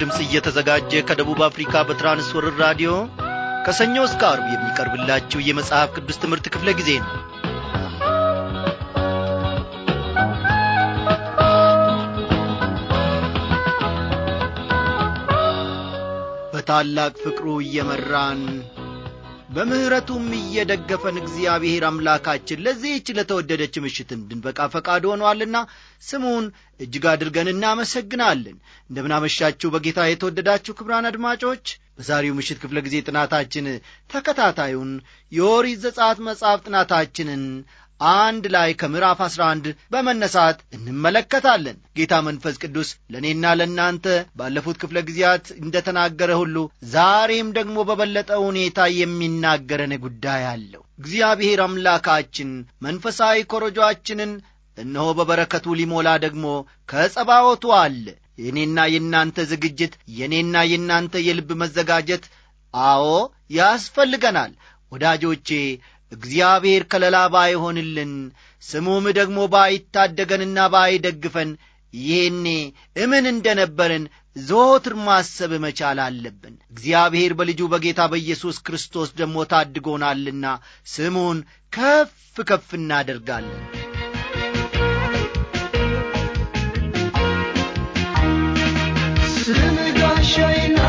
ድምፅ እየተዘጋጀ ከደቡብ አፍሪካ በትራንስወርር ራዲዮ ከሰኞ እስከ አርብ የሚቀርብላችሁ የመጽሐፍ ቅዱስ ትምህርት ክፍለ ጊዜ ነው። በታላቅ ፍቅሩ እየመራን በምሕረቱም እየደገፈን እግዚአብሔር አምላካችን ለዚህች ለተወደደች ምሽት እንድንበቃ ፈቃድ ሆኗልና ስሙን እጅግ አድርገን እናመሰግናለን። እንደምናመሻችሁ በጌታ የተወደዳችሁ ክብራን አድማጮች፣ በዛሬው ምሽት ክፍለ ጊዜ ጥናታችን ተከታታዩን የኦሪት ዘጸአት መጽሐፍ ጥናታችንን አንድ ላይ ከምዕራፍ 11 በመነሳት እንመለከታለን። ጌታ መንፈስ ቅዱስ ለእኔና ለእናንተ ባለፉት ክፍለ ጊዜያት እንደተናገረ ሁሉ ዛሬም ደግሞ በበለጠ ሁኔታ የሚናገረን ጉዳይ አለው። እግዚአብሔር አምላካችን መንፈሳዊ ኮረጆአችንን እነሆ በበረከቱ ሊሞላ ደግሞ ከጸባወቱ አለ። የእኔና የእናንተ ዝግጅት፣ የእኔና የእናንተ የልብ መዘጋጀት፣ አዎ ያስፈልገናል ወዳጆቼ እግዚአብሔር ከለላ ባይሆንልን ስሙም ደግሞ ባይታደገንና ባይደግፈን ይህኔ እምን እንደ ነበርን ዞትር ማሰብ መቻል አለብን። እግዚአብሔር በልጁ በጌታ በኢየሱስ ክርስቶስ ደግሞ ታድጎናልና ስሙን ከፍ ከፍ እናደርጋለን። ስምጋሻይና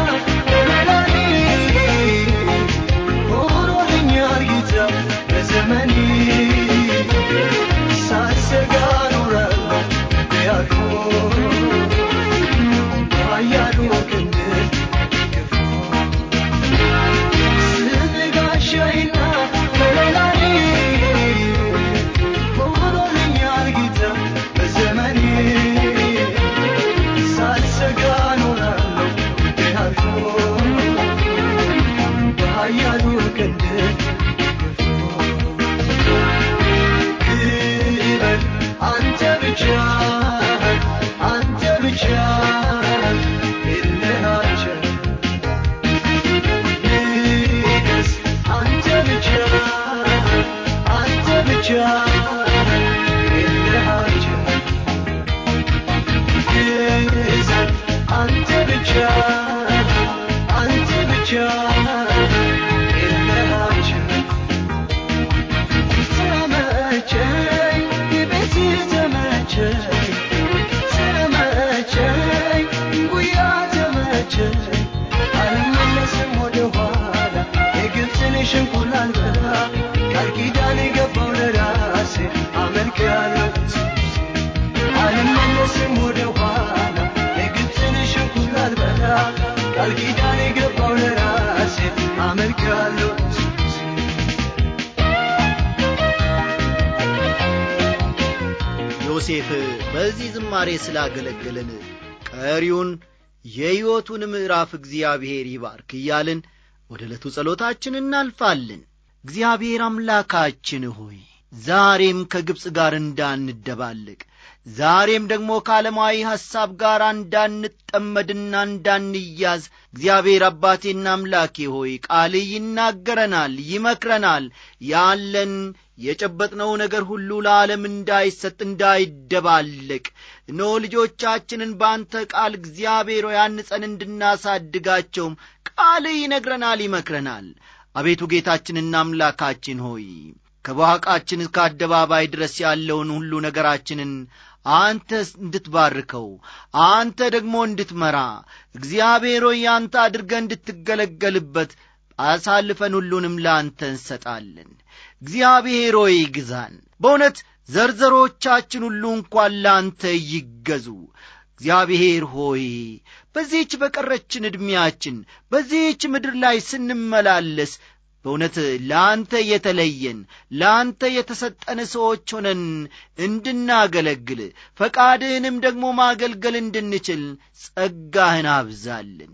ዛሬ ስላገለገለን ቀሪውን የሕይወቱን ምዕራፍ እግዚአብሔር ይባርክ እያልን ወደ ዕለቱ ጸሎታችን እናልፋለን። እግዚአብሔር አምላካችን ሆይ ዛሬም ከግብፅ ጋር እንዳንደባለቅ ዛሬም ደግሞ ከዓለማዊ ሐሳብ ጋር እንዳንጠመድና እንዳንያዝ እግዚአብሔር አባቴና አምላኬ ሆይ ቃልህ ይናገረናል፣ ይመክረናል። ያለን የጨበጥነው ነገር ሁሉ ለዓለም እንዳይሰጥ እንዳይደባለቅ ኖ ልጆቻችንን በአንተ ቃል እግዚአብሔር ያንጸን እንድናሳድጋቸውም ቃል ይነግረናል፣ ይመክረናል። አቤቱ ጌታችንና አምላካችን ሆይ ከባሕቃችን እስከ አደባባይ ድረስ ያለውን ሁሉ ነገራችንን አንተ እንድትባርከው አንተ ደግሞ እንድትመራ እግዚአብሔር ሆይ አንተ አድርገ እንድትገለገልበት አሳልፈን ሁሉንም ለአንተ እንሰጣለን። እግዚአብሔር ሆይ ግዛን። በእውነት ዘርዘሮቻችን ሁሉ እንኳን ላንተ ይገዙ። እግዚአብሔር ሆይ በዚህች በቀረችን ዕድሜያችን በዚህች ምድር ላይ ስንመላለስ በእውነት ለአንተ የተለየን ለአንተ የተሰጠን ሰዎች ሆነን እንድናገለግል ፈቃድህንም ደግሞ ማገልገል እንድንችል ጸጋህን አብዛልን።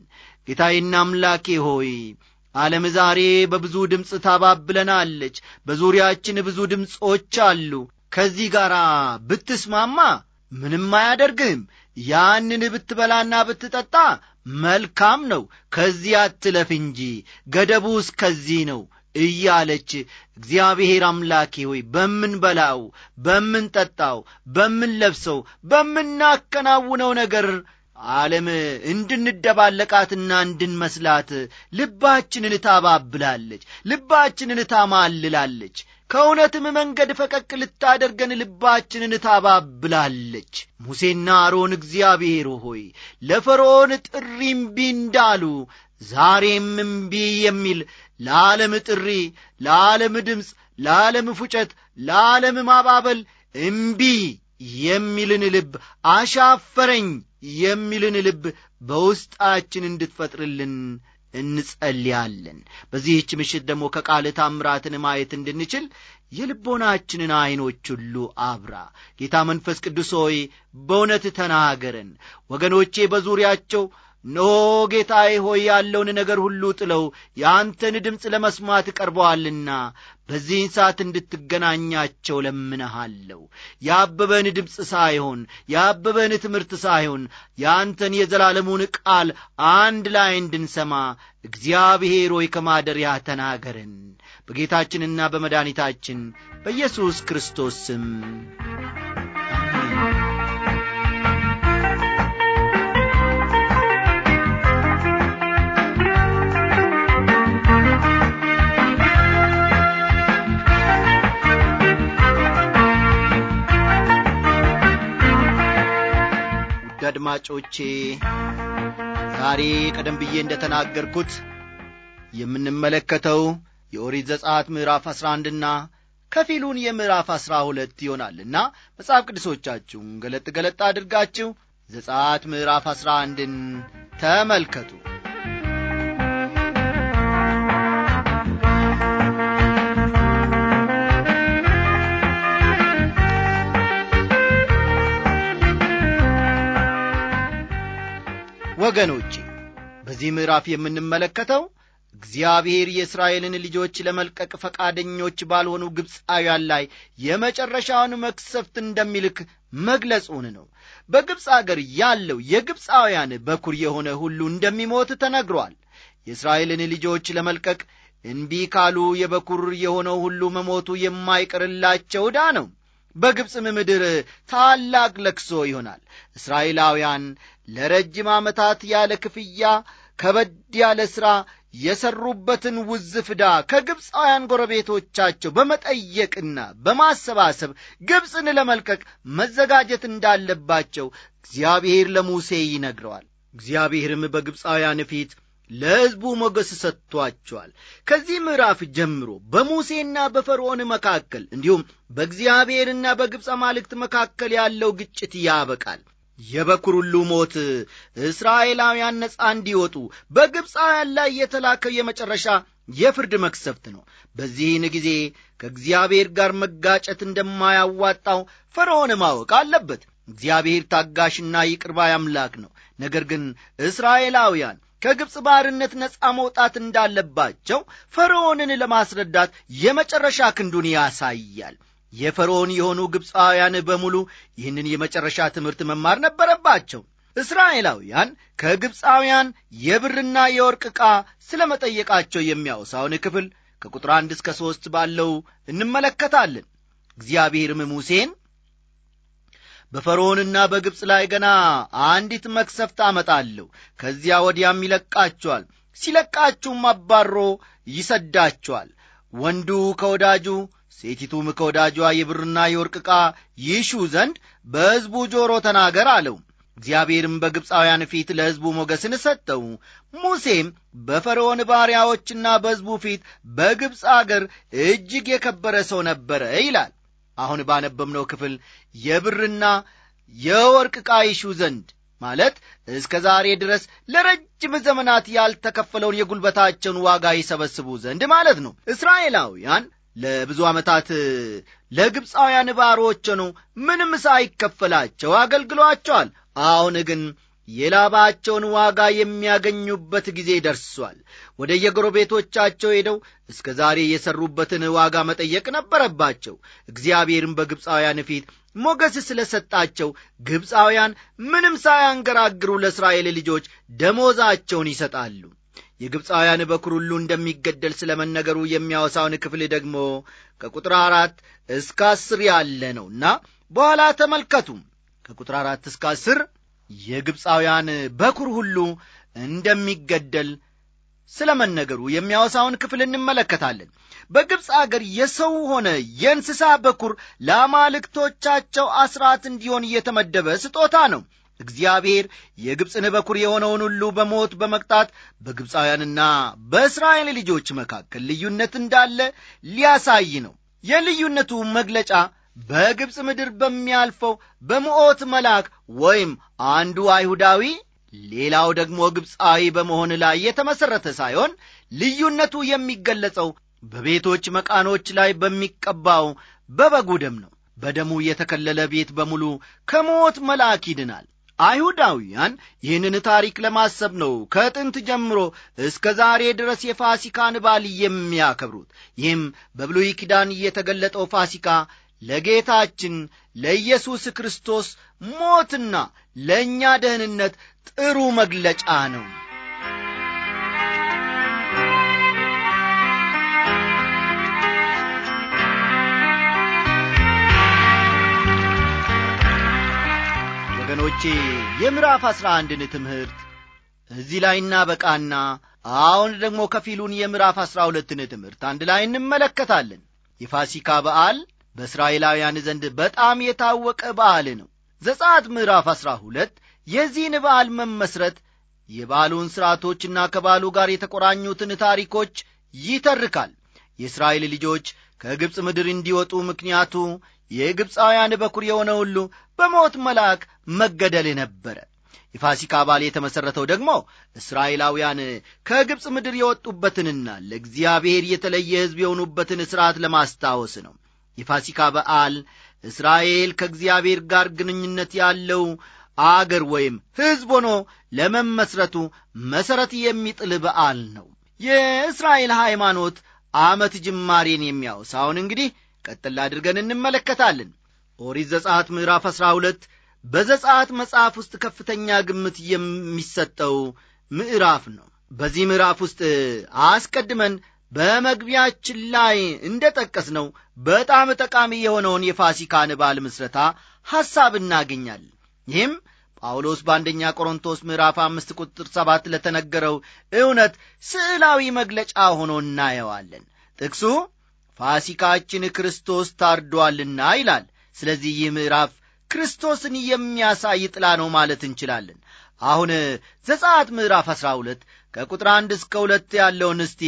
ጌታዬና አምላኬ ሆይ ዓለም ዛሬ በብዙ ድምፅ ታባብለናለች። በዙሪያችን ብዙ ድምፆች አሉ። ከዚህ ጋር ብትስማማ ምንም አያደርግህም። ያንን ብትበላና ብትጠጣ መልካም ነው፣ ከዚህ አትለፍ እንጂ ገደቡ እስከዚህ ነው እያለች እግዚአብሔር አምላኬ ሆይ በምንበላው፣ በምንጠጣው፣ በምንለብሰው፣ በምናከናውነው ነገር ዓለም እንድንደባለቃትና እንድንመስላት ልባችንን ታባብላለች፣ ልባችንን ታማልላለች። ከእውነትም መንገድ ፈቀቅ ልታደርገን ልባችንን ታባብላለች። ሙሴና አሮን እግዚአብሔር ሆይ ለፈርዖን ጥሪ እምቢ እንዳሉ ዛሬም እምቢ የሚል ለዓለም ጥሪ፣ ለዓለም ድምፅ፣ ለዓለም ፉጨት፣ ለዓለም ማባበል እምቢ የሚልን ልብ አሻፈረኝ የሚልን ልብ በውስጣችን እንድትፈጥርልን እንጸልያለን። በዚህች ምሽት ደግሞ ከቃል ታምራትን ማየት እንድንችል የልቦናችንን ዐይኖች ሁሉ አብራ። ጌታ መንፈስ ቅዱስ ሆይ በእውነት ተናገረን። ወገኖቼ በዙሪያቸው እነሆ ጌታዬ ሆይ ያለውን ነገር ሁሉ ጥለው የአንተን ድምፅ ለመስማት ቀርበዋልና በዚህን ሰዓት እንድትገናኛቸው ለምንሃለሁ። የአበበን ድምፅ ሳይሆን የአበበን ትምህርት ሳይሆን የአንተን የዘላለሙን ቃል አንድ ላይ እንድንሰማ እግዚአብሔር ሆይ ከማደሪያ ተናገርን። በጌታችንና በመድኒታችን በኢየሱስ ክርስቶስ ስም አድማጮቼ ዛሬ ቀደም ብዬ እንደ ተናገርኩት የምንመለከተው የኦሪት ዘጻት ምዕራፍ አሥራ አንድና ከፊሉን የምዕራፍ አሥራ ሁለት ይሆናልና መጽሐፍ ቅዱሶቻችሁን ገለጥ ገለጥ አድርጋችሁ ዘጻት ምዕራፍ አሥራ አንድን ተመልከቱ ወገኖቼ በዚህ ምዕራፍ የምንመለከተው እግዚአብሔር የእስራኤልን ልጆች ለመልቀቅ ፈቃደኞች ባልሆኑ ግብፃውያን ላይ የመጨረሻውን መክሰፍት እንደሚልክ መግለጹን ነው። በግብፅ አገር ያለው የግብፃውያን በኩር የሆነ ሁሉ እንደሚሞት ተነግሯል። የእስራኤልን ልጆች ለመልቀቅ እንቢ ካሉ የበኩር የሆነው ሁሉ መሞቱ የማይቀርላቸው ዳ ነው። በግብፅም ምድር ታላቅ ለክሶ ይሆናል። እስራኤላውያን ለረጅም ዓመታት ያለ ክፍያ ከበድ ያለ ሥራ የሰሩበትን ውዝ ፍዳ ከግብፃውያን ጎረቤቶቻቸው በመጠየቅና በማሰባሰብ ግብፅን ለመልቀቅ መዘጋጀት እንዳለባቸው እግዚአብሔር ለሙሴ ይነግረዋል። እግዚአብሔርም በግብፃውያን ፊት ለሕዝቡ ሞገስ ሰጥቷቸዋል። ከዚህ ምዕራፍ ጀምሮ በሙሴና በፈርዖን መካከል እንዲሁም በእግዚአብሔርና በግብፅ አማልክት መካከል ያለው ግጭት ያበቃል። የበኩር ሁሉ ሞት እስራኤላውያን ነፃ እንዲወጡ በግብፃውያን ላይ የተላከው የመጨረሻ የፍርድ መክሰፍት ነው። በዚህን ጊዜ ከእግዚአብሔር ጋር መጋጨት እንደማያዋጣው ፈርዖን ማወቅ አለበት። እግዚአብሔር ታጋሽና ይቅር ባይ አምላክ ነው። ነገር ግን እስራኤላውያን ከግብፅ ባርነት ነፃ መውጣት እንዳለባቸው ፈርዖንን ለማስረዳት የመጨረሻ ክንዱን ያሳያል። የፈርዖን የሆኑ ግብፃውያን በሙሉ ይህንን የመጨረሻ ትምህርት መማር ነበረባቸው። እስራኤላውያን ከግብፃውያን የብርና የወርቅ ዕቃ ስለ መጠየቃቸው የሚያውሳውን ክፍል ከቁጥር አንድ እስከ ሦስት ባለው እንመለከታለን። እግዚአብሔርም ሙሴን በፈርዖንና በግብፅ ላይ ገና አንዲት መክሰፍት አመጣለሁ፣ ከዚያ ወዲያም ይለቃችኋል፣ ሲለቃችሁም አባሮ ይሰዳችኋል። ወንዱ ከወዳጁ ሴቲቱም ከወዳጇ የብርና የወርቅ ዕቃ ይሹ ዘንድ በሕዝቡ ጆሮ ተናገር አለው። እግዚአብሔርም በግብፃውያን ፊት ለሕዝቡ ሞገስን ሰጠው። ሙሴም በፈርዖን ባሪያዎችና በሕዝቡ ፊት በግብፅ አገር እጅግ የከበረ ሰው ነበረ ይላል። አሁን ባነበብነው ክፍል የብርና የወርቅ ዕቃ ይሹ ዘንድ ማለት እስከ ዛሬ ድረስ ለረጅም ዘመናት ያልተከፈለውን የጉልበታቸውን ዋጋ ይሰበስቡ ዘንድ ማለት ነው። እስራኤላውያን ለብዙ ዓመታት ለግብፃውያን ባሮች ምንም ሳይከፈላቸው አገልግሏቸዋል። አሁን ግን የላባቸውን ዋጋ የሚያገኙበት ጊዜ ደርሷል። ወደ የጎረቤቶቻቸው ሄደው እስከ ዛሬ የሠሩበትን ዋጋ መጠየቅ ነበረባቸው። እግዚአብሔርም በግብፃውያን ፊት ሞገስ ስለ ሰጣቸው ግብፃውያን ምንም ሳያንገራግሩ ለእስራኤል ልጆች ደሞዛቸውን ይሰጣሉ። የግብፃውያን በኩር ሁሉ እንደሚገደል ስለ መነገሩ የሚያወሳውን ክፍል ደግሞ ከቁጥር አራት እስከ አስር ያለ ነውና በኋላ ተመልከቱ። ከቁጥር አራት እስከ አስር የግብፃውያን በኩር ሁሉ እንደሚገደል ስለ መነገሩ የሚያወሳውን ክፍል እንመለከታለን በግብፅ አገር የሰው ሆነ የእንስሳ በኩር ለአማልክቶቻቸው አስራት እንዲሆን እየተመደበ ስጦታ ነው እግዚአብሔር የግብፅን በኩር የሆነውን ሁሉ በሞት በመቅጣት በግብፃውያንና በእስራኤል ልጆች መካከል ልዩነት እንዳለ ሊያሳይ ነው የልዩነቱ መግለጫ በግብፅ ምድር በሚያልፈው በምዖት መልአክ ወይም አንዱ አይሁዳዊ ሌላው ደግሞ ግብፃዊ በመሆን ላይ የተመሠረተ ሳይሆን ልዩነቱ የሚገለጸው በቤቶች መቃኖች ላይ በሚቀባው በበጉ ደም ነው። በደሙ የተከለለ ቤት በሙሉ ከሞት መልአክ ይድናል። አይሁዳውያን ይህንን ታሪክ ለማሰብ ነው ከጥንት ጀምሮ እስከ ዛሬ ድረስ የፋሲካን በዓል የሚያከብሩት። ይህም በብሉይ ኪዳን የተገለጠው ፋሲካ ለጌታችን ለኢየሱስ ክርስቶስ ሞትና ለእኛ ደህንነት ጥሩ መግለጫ ነው። ወገኖቼ የምዕራፍ አሥራ አንድን ትምህርት እዚህ ላይ እናበቃና አሁን ደግሞ ከፊሉን የምዕራፍ አሥራ ሁለትን ትምህርት አንድ ላይ እንመለከታለን። የፋሲካ በዓል በእስራኤላውያን ዘንድ በጣም የታወቀ በዓል ነው ዘጻት ምዕራፍ ዐሥራ ሁለት የዚህን በዓል መመስረት የበዓሉን ሥርዓቶችና ከባሉ ጋር የተቆራኙትን ታሪኮች ይተርካል የእስራኤል ልጆች ከግብፅ ምድር እንዲወጡ ምክንያቱ የግብፃውያን በኩር የሆነ ሁሉ በሞት መልአክ መገደል ነበረ የፋሲካ በዓል የተመሠረተው ደግሞ እስራኤላውያን ከግብፅ ምድር የወጡበትንና ለእግዚአብሔር የተለየ ሕዝብ የሆኑበትን ሥርዓት ለማስታወስ ነው የፋሲካ በዓል እስራኤል ከእግዚአብሔር ጋር ግንኙነት ያለው አገር ወይም ሕዝብ ሆኖ ለመመስረቱ መሠረት የሚጥል በዓል ነው። የእስራኤል ሃይማኖት ዓመት ጅማሬን የሚያውሳውን እንግዲህ ቀጥል አድርገን እንመለከታለን። ኦሪት ዘጸአት ምዕራፍ ዐሥራ ሁለት በዘጸአት መጽሐፍ ውስጥ ከፍተኛ ግምት የሚሰጠው ምዕራፍ ነው። በዚህ ምዕራፍ ውስጥ አስቀድመን በመግቢያችን ላይ እንደ ነው በጣም ጠቃሚ የሆነውን የፋሲካን በዓል ምስረታ ሐሳብ እናገኛለን። ይህም ጳውሎስ በአንደኛ ቆሮንቶስ ምዕራፍ አምስት ቁጥር ሰባት ለተነገረው እውነት ስዕላዊ መግለጫ ሆኖ እናየዋለን። ጥቅሱ ፋሲካችን ክርስቶስ ታርዷልና ይላል። ስለዚህ ይህ ምዕራፍ ክርስቶስን የሚያሳይ ጥላ ነው ማለት እንችላለን። አሁን ዘጻት ምዕራፍ 12 ከቁጥር አንድ እስከ ሁለት ያለውን እስቲ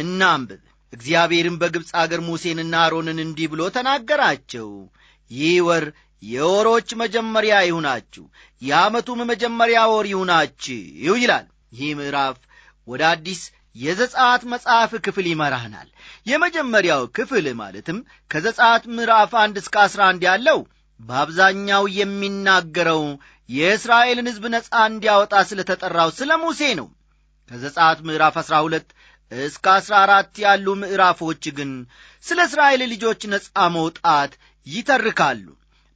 እናንብብ። እግዚአብሔርም በግብፅ አገር ሙሴንና አሮንን እንዲህ ብሎ ተናገራቸው። ይህ ወር የወሮች መጀመሪያ ይሁናችሁ፣ የዓመቱም መጀመሪያ ወር ይሁናችሁ ይላል። ይህ ምዕራፍ ወደ አዲስ የዘጻት መጽሐፍ ክፍል ይመራህናል። የመጀመሪያው ክፍል ማለትም ከዘጻት ምዕራፍ አንድ እስከ አስራ አንድ ያለው በአብዛኛው የሚናገረው የእስራኤልን ሕዝብ ነፃ እንዲያወጣ ስለ ተጠራው ስለ ሙሴ ነው። ከዘጻት ምዕራፍ አስራ ሁለት እስከ አሥራ አራት ያሉ ምዕራፎች ግን ስለ እስራኤል ልጆች ነፃ መውጣት ይተርካሉ።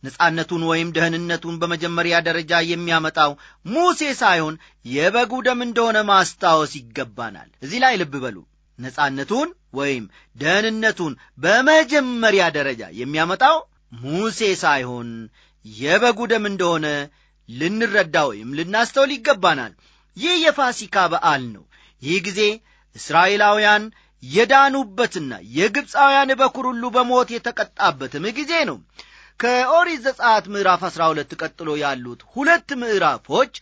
ነጻነቱን ወይም ደህንነቱን በመጀመሪያ ደረጃ የሚያመጣው ሙሴ ሳይሆን የበጉ ደም እንደሆነ ማስታወስ ይገባናል። እዚህ ላይ ልብ በሉ። ነጻነቱን ወይም ደህንነቱን በመጀመሪያ ደረጃ የሚያመጣው ሙሴ ሳይሆን የበጉ ደም እንደሆነ ልንረዳ ወይም ልናስተውል ይገባናል። ይህ የፋሲካ በዓል ነው። ይህ ጊዜ እስራኤላውያን የዳኑበትና የግብፃውያን በኩር ሁሉ በሞት የተቀጣበትም ጊዜ ነው ከኦሪት ዘጻት ምዕራፍ ሁለት ቀጥሎ ያሉት ሁለት ምዕራፎች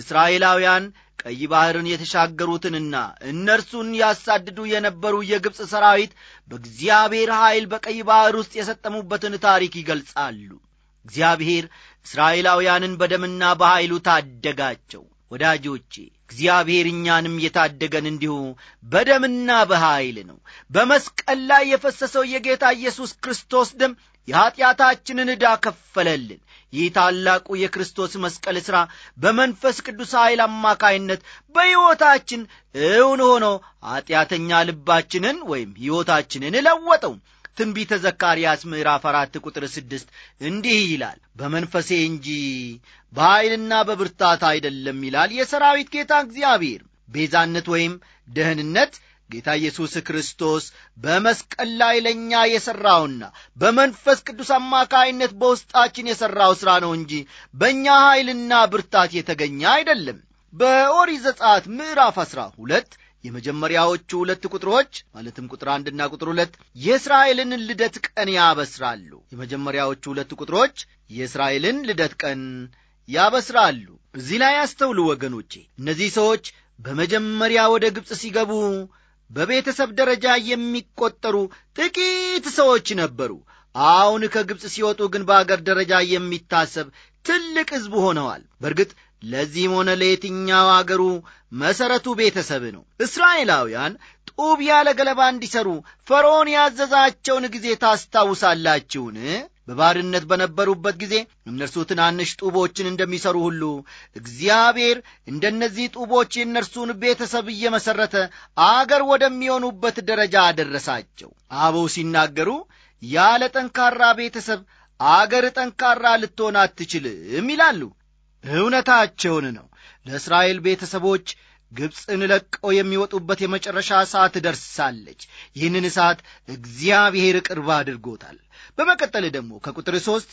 እስራኤላውያን ቀይ ባሕርን የተሻገሩትንና እነርሱን ያሳድዱ የነበሩ የግብፅ ሰራዊት በእግዚአብሔር ኃይል በቀይ ባሕር ውስጥ የሰጠሙበትን ታሪክ ይገልጻሉ እግዚአብሔር እስራኤላውያንን በደምና በኀይሉ ታደጋቸው ወዳጆቼ እግዚአብሔር እኛንም የታደገን እንዲሁ በደምና በኃይል ነው። በመስቀል ላይ የፈሰሰው የጌታ ኢየሱስ ክርስቶስ ደም የኀጢአታችንን ዕዳ ከፈለልን። ይህ ታላቁ የክርስቶስ መስቀል ሥራ በመንፈስ ቅዱስ ኃይል አማካይነት በሕይወታችን እውን ሆኖ ኀጢአተኛ ልባችንን ወይም ሕይወታችንን ለወጠው። ትንቢተ ዘካርያስ ምዕራፍ አራት ቁጥር ስድስት እንዲህ ይላል በመንፈሴ እንጂ በኃይልና በብርታት አይደለም ይላል የሰራዊት ጌታ እግዚአብሔር ቤዛነት ወይም ደህንነት ጌታ ኢየሱስ ክርስቶስ በመስቀል ላይ ለእኛ የሠራውና በመንፈስ ቅዱስ አማካይነት በውስጣችን የሠራው ሥራ ነው እንጂ በእኛ ኃይልና ብርታት የተገኘ አይደለም በኦሪት ዘጸአት ምዕራፍ ዐሥራ ሁለት የመጀመሪያዎቹ ሁለት ቁጥሮች ማለትም ቁጥር አንድና ቁጥር ሁለት የእስራኤልን ልደት ቀን ያበስራሉ። የመጀመሪያዎቹ ሁለት ቁጥሮች የእስራኤልን ልደት ቀን ያበስራሉ። እዚህ ላይ ያስተውሉ ወገኖቼ። እነዚህ ሰዎች በመጀመሪያ ወደ ግብፅ ሲገቡ በቤተሰብ ደረጃ የሚቆጠሩ ጥቂት ሰዎች ነበሩ። አሁን ከግብፅ ሲወጡ ግን በአገር ደረጃ የሚታሰብ ትልቅ ሕዝብ ሆነዋል። በእርግጥ ለዚህም ሆነ ለየትኛው አገሩ መሠረቱ ቤተሰብ ነው። እስራኤላውያን ጡብ ያለ ገለባ እንዲሠሩ ፈርዖን ያዘዛቸውን ጊዜ ታስታውሳላችሁን? በባርነት በነበሩበት ጊዜ እነርሱ ትናንሽ ጡቦችን እንደሚሠሩ ሁሉ እግዚአብሔር እንደነዚህ ጡቦች የእነርሱን ቤተሰብ እየመሠረተ አገር ወደሚሆኑበት ደረጃ አደረሳቸው። አበው ሲናገሩ ያለ ጠንካራ ቤተሰብ አገር ጠንካራ ልትሆን አትችልም ይላሉ። እውነታቸውን ነው ለእስራኤል ቤተሰቦች ግብፅን ለቀው የሚወጡበት የመጨረሻ ሰዓት ደርሳለች። ይህንን እሳት እግዚአብሔር ቅርብ አድርጎታል። በመቀጠል ደግሞ ከቁጥር ሦስት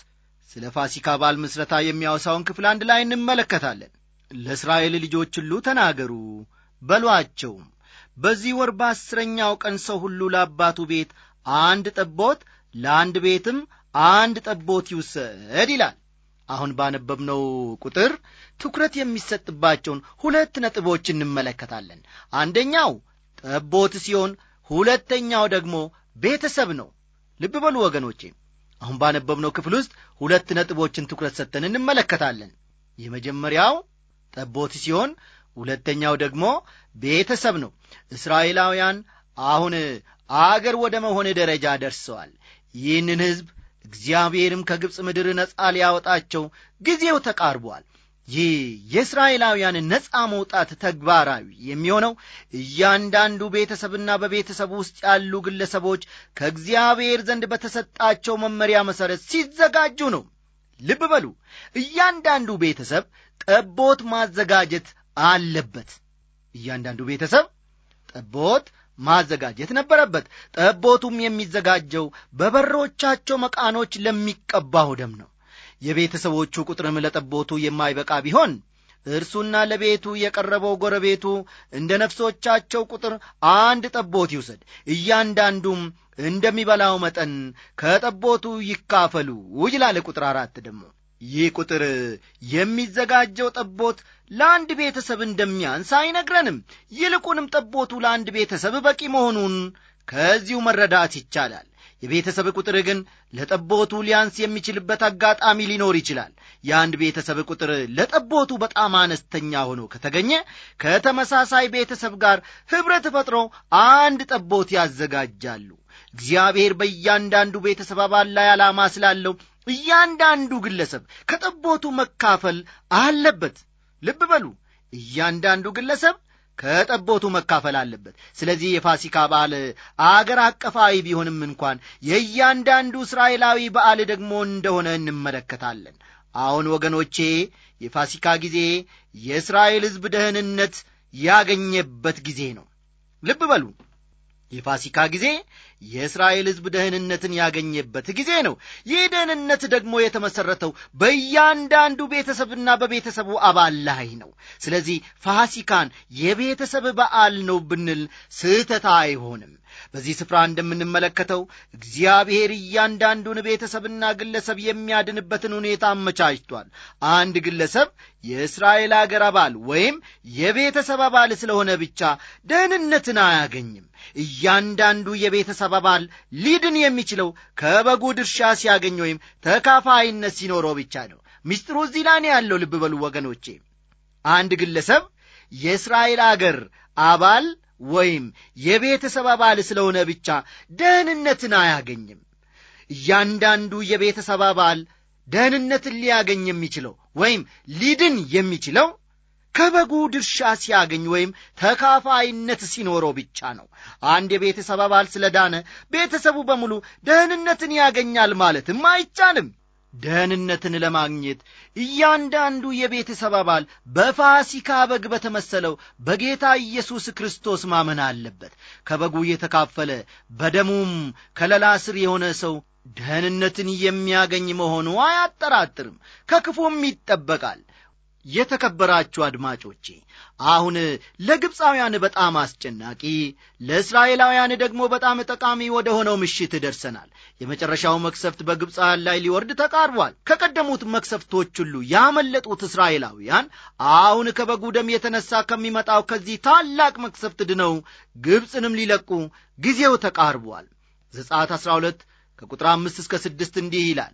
ስለ ፋሲካ በዓል ምስረታ የሚያወሳውን ክፍል አንድ ላይ እንመለከታለን። ለእስራኤል ልጆች ሁሉ ተናገሩ በሏቸውም በዚህ ወር በአስረኛው ቀን ሰው ሁሉ ለአባቱ ቤት አንድ ጠቦት ለአንድ ቤትም አንድ ጠቦት ይውሰድ ይላል። አሁን ባነበብነው ቁጥር ትኩረት የሚሰጥባቸውን ሁለት ነጥቦች እንመለከታለን። አንደኛው ጠቦት ሲሆን ሁለተኛው ደግሞ ቤተሰብ ነው። ልብ በሉ ወገኖቼ፣ አሁን ባነበብነው ክፍል ውስጥ ሁለት ነጥቦችን ትኩረት ሰጥተን እንመለከታለን። የመጀመሪያው ጠቦት ሲሆን ሁለተኛው ደግሞ ቤተሰብ ነው። እስራኤላውያን አሁን አገር ወደ መሆን ደረጃ ደርሰዋል። ይህንን ሕዝብ እግዚአብሔርም ከግብፅ ምድር ነፃ ሊያወጣቸው ጊዜው ተቃርቧል። ይህ የእስራኤላውያን ነፃ መውጣት ተግባራዊ የሚሆነው እያንዳንዱ ቤተሰብና በቤተሰብ ውስጥ ያሉ ግለሰቦች ከእግዚአብሔር ዘንድ በተሰጣቸው መመሪያ መሠረት ሲዘጋጁ ነው። ልብ በሉ፣ እያንዳንዱ ቤተሰብ ጠቦት ማዘጋጀት አለበት። እያንዳንዱ ቤተሰብ ጠቦት ማዘጋጀት ነበረበት። ጠቦቱም የሚዘጋጀው በበሮቻቸው መቃኖች ለሚቀባው ደም ነው። የቤተሰቦቹ ቁጥርም ለጠቦቱ የማይበቃ ቢሆን እርሱና ለቤቱ የቀረበው ጎረቤቱ እንደ ነፍሶቻቸው ቁጥር አንድ ጠቦት ይውሰድ፣ እያንዳንዱም እንደሚበላው መጠን ከጠቦቱ ይካፈሉ ይላል። ቁጥር አራት ደግሞ ይህ ቁጥር የሚዘጋጀው ጠቦት ለአንድ ቤተሰብ እንደሚያንስ አይነግረንም። ይልቁንም ጠቦቱ ለአንድ ቤተሰብ በቂ መሆኑን ከዚሁ መረዳት ይቻላል። የቤተሰብ ቁጥር ግን ለጠቦቱ ሊያንስ የሚችልበት አጋጣሚ ሊኖር ይችላል። የአንድ ቤተሰብ ቁጥር ለጠቦቱ በጣም አነስተኛ ሆኖ ከተገኘ ከተመሳሳይ ቤተሰብ ጋር ኅብረት ፈጥሮ አንድ ጠቦት ያዘጋጃሉ። እግዚአብሔር በእያንዳንዱ ቤተሰብ አባል ላይ ዓላማ ስላለው እያንዳንዱ ግለሰብ ከጠቦቱ መካፈል አለበት። ልብ በሉ፣ እያንዳንዱ ግለሰብ ከጠቦቱ መካፈል አለበት። ስለዚህ የፋሲካ በዓል አገር አቀፋዊ ቢሆንም እንኳን የእያንዳንዱ እስራኤላዊ በዓል ደግሞ እንደሆነ እንመለከታለን። አሁን ወገኖቼ የፋሲካ ጊዜ የእስራኤል ሕዝብ ደህንነት ያገኘበት ጊዜ ነው። ልብ በሉ የፋሲካ ጊዜ የእስራኤል ሕዝብ ደህንነትን ያገኘበት ጊዜ ነው። ይህ ደህንነት ደግሞ የተመሠረተው በእያንዳንዱ ቤተሰብና በቤተሰቡ አባል ላይ ነው። ስለዚህ ፋሲካን የቤተሰብ በዓል ነው ብንል ስህተት አይሆንም። በዚህ ስፍራ እንደምንመለከተው እግዚአብሔር እያንዳንዱን ቤተሰብና ግለሰብ የሚያድንበትን ሁኔታ አመቻችቷል። አንድ ግለሰብ የእስራኤል አገር አባል ወይም የቤተሰብ አባል ስለሆነ ብቻ ደህንነትን አያገኝም። እያንዳንዱ የቤተሰብ አባል ሊድን የሚችለው ከበጉ ድርሻ ሲያገኝ ወይም ተካፋይነት ሲኖረው ብቻ ነው። ምስጢሩ እዚህ ላይ ያለው። ልብ በሉ ወገኖቼ። አንድ ግለሰብ የእስራኤል አገር አባል ወይም የቤተሰብ አባል ስለሆነ ብቻ ደህንነትን አያገኝም። እያንዳንዱ የቤተሰብ አባል ደህንነትን ሊያገኝ የሚችለው ወይም ሊድን የሚችለው ከበጉ ድርሻ ሲያገኝ ወይም ተካፋይነት ሲኖረው ብቻ ነው። አንድ የቤተሰብ አባል ስለ ዳነ ቤተሰቡ በሙሉ ደህንነትን ያገኛል ማለትም አይቻልም። ደህንነትን ለማግኘት እያንዳንዱ የቤተሰብ አባል በፋሲካ በግ በተመሰለው በጌታ ኢየሱስ ክርስቶስ ማመን አለበት። ከበጉ የተካፈለ በደሙም ከለላ ስር የሆነ ሰው ደህንነትን የሚያገኝ መሆኑ አያጠራጥርም፣ ከክፉም ይጠበቃል። የተከበራችሁ አድማጮቼ አሁን ለግብፃውያን በጣም አስጨናቂ ለእስራኤላውያን ደግሞ በጣም ጠቃሚ ወደ ሆነው ምሽት ደርሰናል። የመጨረሻው መክሰፍት በግብፃውያን ላይ ሊወርድ ተቃርቧል። ከቀደሙት መክሰፍቶች ሁሉ ያመለጡት እስራኤላውያን አሁን ከበጉ ደም የተነሳ ከሚመጣው ከዚህ ታላቅ መክሰፍት ድነው ግብፅንም ሊለቁ ጊዜው ተቃርቧል። ዘጻት 12 ከቁጥር 5 እስከ 6 እንዲህ ይላል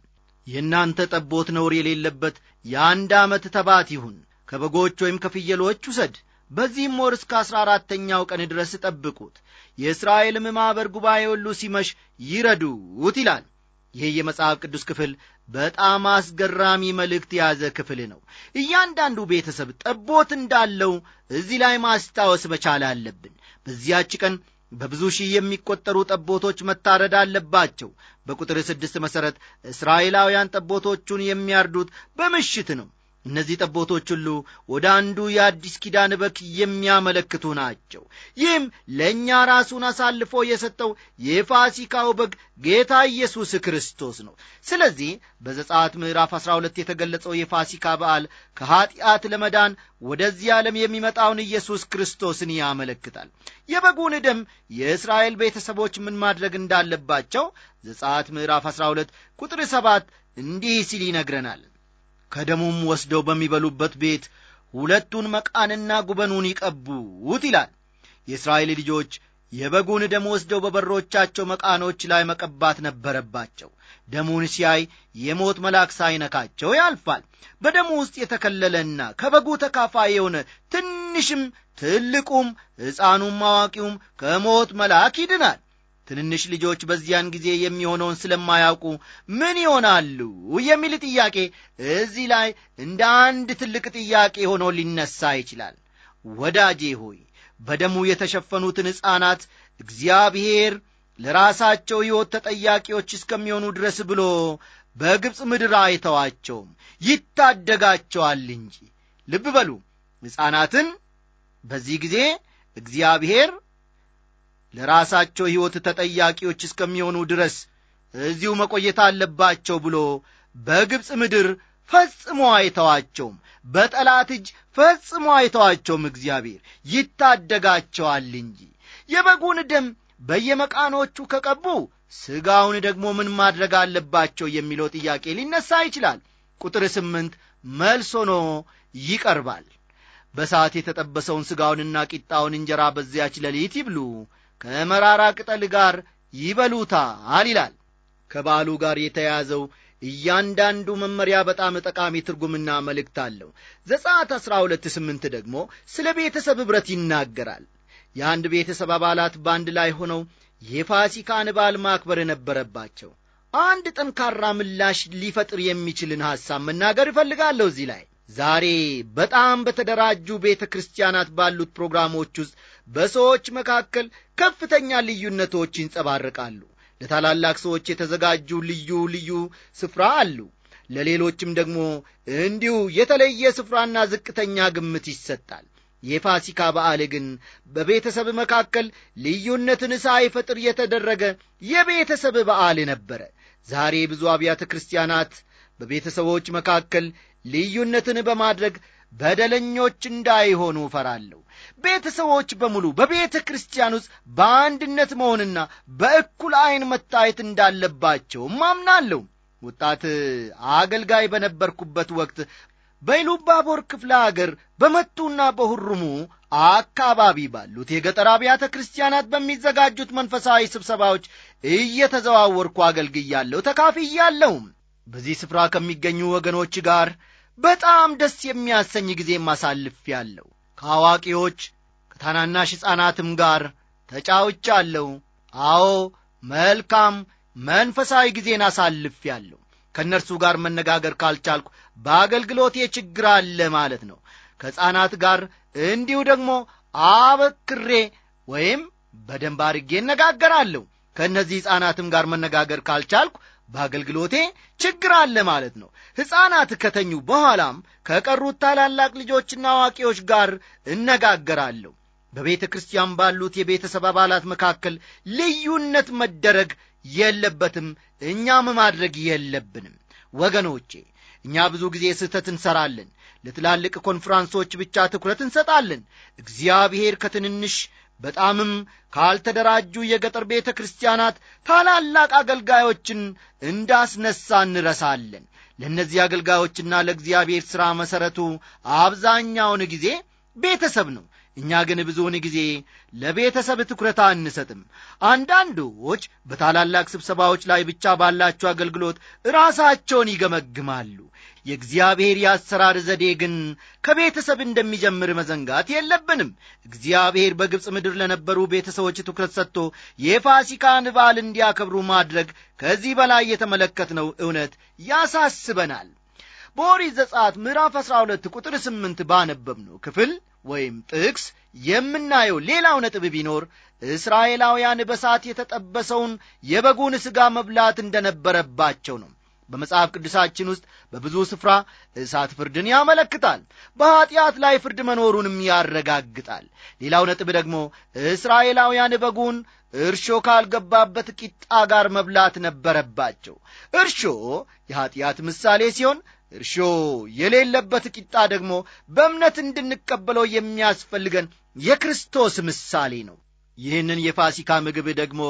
የእናንተ ጠቦት ነውር የሌለበት የአንድ ዓመት ተባት ይሁን ከበጎች ወይም ከፍየሎች ውሰድ በዚህም ወር እስከ ዐሥራ አራተኛው ቀን ድረስ ጠብቁት የእስራኤልም ማኅበር ጉባኤ ሁሉ ሲመሽ ይረዱት ይላል ይህ የመጽሐፍ ቅዱስ ክፍል በጣም አስገራሚ መልእክት የያዘ ክፍል ነው እያንዳንዱ ቤተሰብ ጠቦት እንዳለው እዚህ ላይ ማስታወስ መቻል አለብን በዚያች ቀን በብዙ ሺህ የሚቆጠሩ ጠቦቶች መታረድ አለባቸው። በቁጥር ስድስት መሠረት እስራኤላውያን ጠቦቶቹን የሚያርዱት በምሽት ነው። እነዚህ ጠቦቶች ሁሉ ወደ አንዱ የአዲስ ኪዳን በክ የሚያመለክቱ ናቸው ይህም ለእኛ ራሱን አሳልፎ የሰጠው የፋሲካው በግ ጌታ ኢየሱስ ክርስቶስ ነው ስለዚህ በዘጻት ምዕራፍ 12 የተገለጸው የፋሲካ በዓል ከኀጢአት ለመዳን ወደዚህ ዓለም የሚመጣውን ኢየሱስ ክርስቶስን ያመለክታል የበጉን ደም የእስራኤል ቤተሰቦች ምን ማድረግ እንዳለባቸው ዘጻት ምዕራፍ 12 ቁጥር 7 እንዲህ ሲል ይነግረናል ከደሙም ወስደው በሚበሉበት ቤት ሁለቱን መቃንና ጉበኑን ይቀቡት ይላል የእስራኤል ልጆች የበጉን ደም ወስደው በበሮቻቸው መቃኖች ላይ መቀባት ነበረባቸው ደሙን ሲያይ የሞት መልአክ ሳይነካቸው ያልፋል በደሙ ውስጥ የተከለለና ከበጉ ተካፋይ የሆነ ትንሽም ትልቁም ሕፃኑም አዋቂውም ከሞት መልአክ ይድናል ትንንሽ ልጆች በዚያን ጊዜ የሚሆነውን ስለማያውቁ ምን ይሆናሉ የሚል ጥያቄ እዚህ ላይ እንደ አንድ ትልቅ ጥያቄ ሆኖ ሊነሳ ይችላል። ወዳጄ ሆይ በደሙ የተሸፈኑትን ሕፃናት እግዚአብሔር ለራሳቸው ሕይወት ተጠያቂዎች እስከሚሆኑ ድረስ ብሎ በግብፅ ምድር አይተዋቸውም፣ ይታደጋቸዋል እንጂ። ልብ በሉ ሕፃናትን በዚህ ጊዜ እግዚአብሔር ለራሳቸው ሕይወት ተጠያቂዎች እስከሚሆኑ ድረስ እዚሁ መቆየት አለባቸው ብሎ በግብፅ ምድር ፈጽሞ አይተዋቸውም። በጠላት እጅ ፈጽሞ አይተዋቸውም። እግዚአብሔር ይታደጋቸዋል እንጂ የበጉን ደም በየመቃኖቹ ከቀቡ ሥጋውን ደግሞ ምን ማድረግ አለባቸው የሚለው ጥያቄ ሊነሳ ይችላል። ቁጥር ስምንት መልስ ሆኖ ይቀርባል። በሰዓት የተጠበሰውን ሥጋውንና ቂጣውን እንጀራ በዚያች ሌሊት ይብሉ ከመራራ ቅጠል ጋር ይበሉታል ይላል። ከበዓሉ ጋር የተያያዘው እያንዳንዱ መመሪያ በጣም ጠቃሚ ትርጉምና መልእክት አለው። ዘጸአት 12 ስምንት ደግሞ ስለ ቤተሰብ ኅብረት ይናገራል። የአንድ ቤተሰብ አባላት በአንድ ላይ ሆነው የፋሲካን በዓል ማክበር የነበረባቸው አንድ ጠንካራ ምላሽ ሊፈጥር የሚችልን ሐሳብ መናገር እፈልጋለሁ እዚህ ላይ ዛሬ በጣም በተደራጁ ቤተ ክርስቲያናት ባሉት ፕሮግራሞች ውስጥ በሰዎች መካከል ከፍተኛ ልዩነቶች ይንጸባረቃሉ። ለታላላቅ ሰዎች የተዘጋጁ ልዩ ልዩ ስፍራ አሉ። ለሌሎችም ደግሞ እንዲሁ የተለየ ስፍራና ዝቅተኛ ግምት ይሰጣል። የፋሲካ በዓል ግን በቤተሰብ መካከል ልዩነትን ሳይፈጥር የተደረገ የቤተሰብ በዓል ነበረ። ዛሬ ብዙ አብያተ ክርስቲያናት በቤተሰቦች መካከል ልዩነትን በማድረግ በደለኞች እንዳይሆኑ እፈራለሁ። ቤተሰቦች በሙሉ በቤተ ክርስቲያን ውስጥ በአንድነት መሆንና በእኩል ዐይን መታየት እንዳለባቸውም አምናለሁ። ወጣት አገልጋይ በነበርኩበት ወቅት በኢሉባቦር ክፍለ አገር በመቱና በሁሩሙ አካባቢ ባሉት የገጠር አብያተ ክርስቲያናት በሚዘጋጁት መንፈሳዊ ስብሰባዎች እየተዘዋወርኩ አገልግያለሁ፣ ተካፍያለሁም። በዚህ ስፍራ ከሚገኙ ወገኖች ጋር በጣም ደስ የሚያሰኝ ጊዜ ማሳልፍ ያለው ከአዋቂዎች ከታናናሽ ሕፃናትም ጋር ተጫውቻለሁ። አዎ መልካም መንፈሳዊ ጊዜን አሳልፍ ያለሁ። ከእነርሱ ጋር መነጋገር ካልቻልኩ በአገልግሎት የችግር አለ ማለት ነው። ከሕፃናት ጋር እንዲሁ ደግሞ አበክሬ ወይም በደንብ አርጌ እነጋገራለሁ። ከእነዚህ ሕፃናትም ጋር መነጋገር ካልቻልኩ በአገልግሎቴ ችግር አለ ማለት ነው። ሕፃናት ከተኙ በኋላም ከቀሩት ታላላቅ ልጆችና አዋቂዎች ጋር እነጋገራለሁ። በቤተ ክርስቲያን ባሉት የቤተሰብ አባላት መካከል ልዩነት መደረግ የለበትም። እኛም ማድረግ የለብንም ወገኖቼ እኛ ብዙ ጊዜ ስህተት እንሰራለን። ለትላልቅ ኮንፍራንሶች ብቻ ትኩረት እንሰጣለን። እግዚአብሔር ከትንንሽ በጣምም ካልተደራጁ የገጠር ቤተ ክርስቲያናት ታላላቅ አገልጋዮችን እንዳስነሳ እንረሳለን። ለእነዚህ አገልጋዮችና ለእግዚአብሔር ሥራ መሠረቱ አብዛኛውን ጊዜ ቤተሰብ ነው። እኛ ግን ብዙውን ጊዜ ለቤተሰብ ትኩረት አንሰጥም። አንዳንዶች በታላላቅ ስብሰባዎች ላይ ብቻ ባላቸው አገልግሎት ራሳቸውን ይገመግማሉ። የእግዚአብሔር የአሰራር ዘዴ ግን ከቤተሰብ እንደሚጀምር መዘንጋት የለብንም። እግዚአብሔር በግብፅ ምድር ለነበሩ ቤተሰቦች ትኩረት ሰጥቶ የፋሲካን በዓል እንዲያከብሩ ማድረግ ከዚህ በላይ የተመለከትነው እውነት ያሳስበናል። በኦሪት ዘጸአት ምዕራፍ 12 ቁጥር 8 ባነበብነው ክፍል ወይም ጥቅስ የምናየው ሌላው ነጥብ ቢኖር እስራኤላውያን በሳት የተጠበሰውን የበጉን ሥጋ መብላት እንደነበረባቸው ነው። በመጽሐፍ ቅዱሳችን ውስጥ በብዙ ስፍራ እሳት ፍርድን ያመለክታል፣ በኀጢአት ላይ ፍርድ መኖሩንም ያረጋግጣል። ሌላው ነጥብ ደግሞ እስራኤላውያን በጉን እርሾ ካልገባበት ቂጣ ጋር መብላት ነበረባቸው። እርሾ የኀጢአት ምሳሌ ሲሆን እርሾ የሌለበት ቂጣ ደግሞ በእምነት እንድንቀበለው የሚያስፈልገን የክርስቶስ ምሳሌ ነው። ይህንን የፋሲካ ምግብ ደግሞ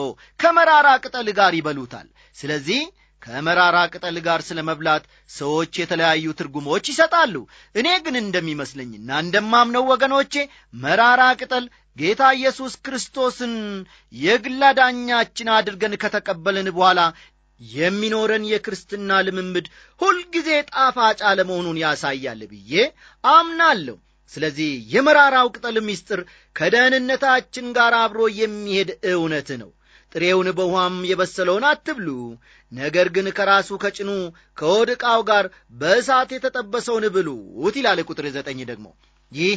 ከመራራ ቅጠል ጋር ይበሉታል። ስለዚህ ከመራራ ቅጠል ጋር ስለ መብላት ሰዎች የተለያዩ ትርጉሞች ይሰጣሉ። እኔ ግን እንደሚመስለኝና እንደማምነው ወገኖቼ መራራ ቅጠል ጌታ ኢየሱስ ክርስቶስን የግላዳኛችን አድርገን ከተቀበልን በኋላ የሚኖረን የክርስትና ልምምድ ሁልጊዜ ጣፋጭ አለመሆኑን ያሳያል ብዬ አምናለሁ። ስለዚህ የመራራው ቅጠል ምስጢር ከደህንነታችን ጋር አብሮ የሚሄድ እውነት ነው። ጥሬውን በውሃም የበሰለውን አትብሉ፣ ነገር ግን ከራሱ ከጭኑ ከወድቃው ጋር በእሳት የተጠበሰውን ብሉት ይላል ቁጥር ዘጠኝ ደግሞ ይህ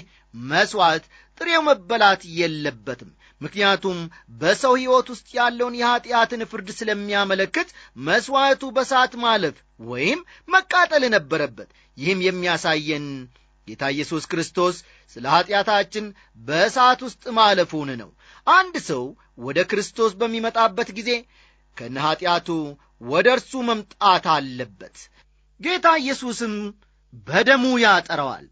መሥዋዕት ጥሬው መበላት የለበትም። ምክንያቱም በሰው ሕይወት ውስጥ ያለውን የኀጢአትን ፍርድ ስለሚያመለክት መሥዋዕቱ በሳት ማለፍ ወይም መቃጠል ነበረበት። ይህም የሚያሳየን ጌታ ኢየሱስ ክርስቶስ ስለ ኀጢአታችን በእሳት ውስጥ ማለፉን ነው። አንድ ሰው ወደ ክርስቶስ በሚመጣበት ጊዜ ከነ ኀጢአቱ ወደ እርሱ መምጣት አለበት። ጌታ ኢየሱስም በደሙ ያጠረዋል።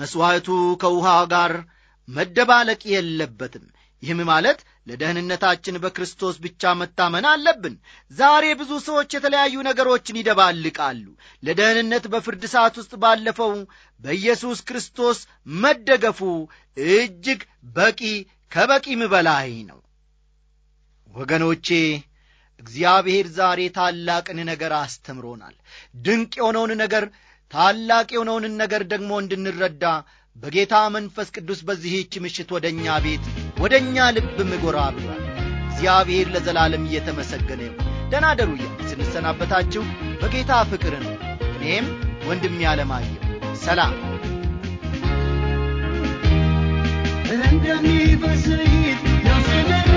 መሥዋዕቱ ከውሃ ጋር መደባለቅ የለበትም። ይህም ማለት ለደህንነታችን በክርስቶስ ብቻ መታመን አለብን። ዛሬ ብዙ ሰዎች የተለያዩ ነገሮችን ይደባልቃሉ። ለደህንነት በፍርድ ሰዓት ውስጥ ባለፈው በኢየሱስ ክርስቶስ መደገፉ እጅግ በቂ ከበቂም በላይ ነው። ወገኖቼ እግዚአብሔር ዛሬ ታላቅን ነገር አስተምሮናል። ድንቅ የሆነውን ነገር ታላቅ የሆነውንን ነገር ደግሞ እንድንረዳ በጌታ መንፈስ ቅዱስ በዚህች ምሽት ወደ እኛ ቤት ወደ እኛ ልብም ጎራ ብሏል። እግዚአብሔር ለዘላለም እየተመሰገነ ይሁን። ደናደሩ ደሩ ስንሰናበታችሁ በጌታ ፍቅር ነው። እኔም ወንድም ያለማየሁ ሰላም እንደሚበስይት ያሰነ